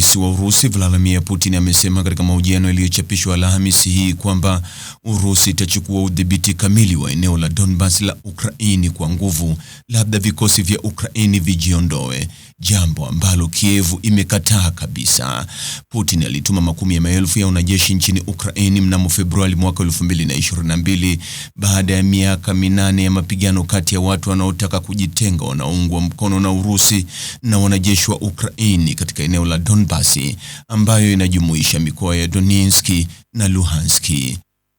Rais wa Urusi Vladimir Putin amesema katika mahojiano yaliyochapishwa Alhamisi hii kwamba Urusi itachukua udhibiti kamili wa eneo la Donbas la Ukraini kwa nguvu, labda vikosi vya Ukraini vijiondoe, jambo ambalo Kievu imekataa kabisa. Putin alituma makumi ya maelfu ya wanajeshi nchini Ukraini mnamo Februari mwaka 2022 baada ya miaka minane ya mapigano kati ya watu wanaotaka kujitenga wanaoungwa mkono na Urusi na wanajeshi wa Ukraini katika eneo la Donbas Donbasi ambayo inajumuisha mikoa ya Donetsk na Luhansk.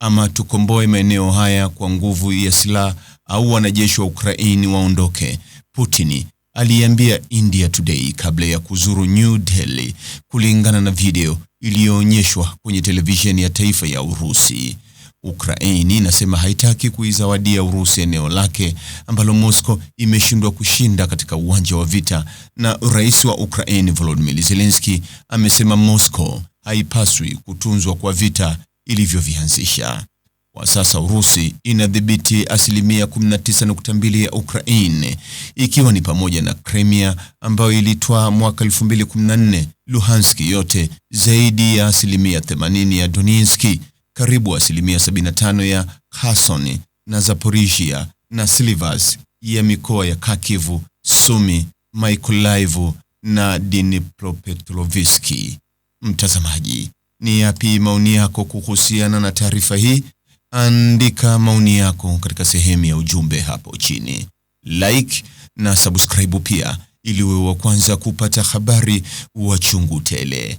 Ama tukomboe maeneo haya kwa nguvu ya silaha au wanajeshi wa Ukraini waondoke, Putin aliambia India Today kabla ya kuzuru New Delhi, kulingana na video iliyoonyeshwa kwenye televisheni ya taifa ya Urusi. Ukraini inasema haitaki kuizawadia Urusi eneo lake ambalo Moscow imeshindwa kushinda katika uwanja wa vita, na Rais wa Ukraini Volodymyr Zelensky amesema Moscow haipaswi kutunzwa kwa vita ilivyovianzisha. Kwa sasa Urusi inadhibiti asilimia 19.2 ya Ukraine, ikiwa ni pamoja na Crimea ambayo ilitwaa mwaka 2014, Luhanski yote, zaidi ya asilimia 80 ya Donetsk karibu asilimia 75 ya Kherson na Zaporizhia na slivas ya mikoa ya Kharkiv, Sumi, Mykolaiv na Dnipropetrovsk. Mtazamaji, ni yapi maoni yako kuhusiana na taarifa hii? Andika maoni yako katika sehemu ya ujumbe hapo chini. Like na subscribe pia ili uwe wa kwanza kupata habari wa chungu tele.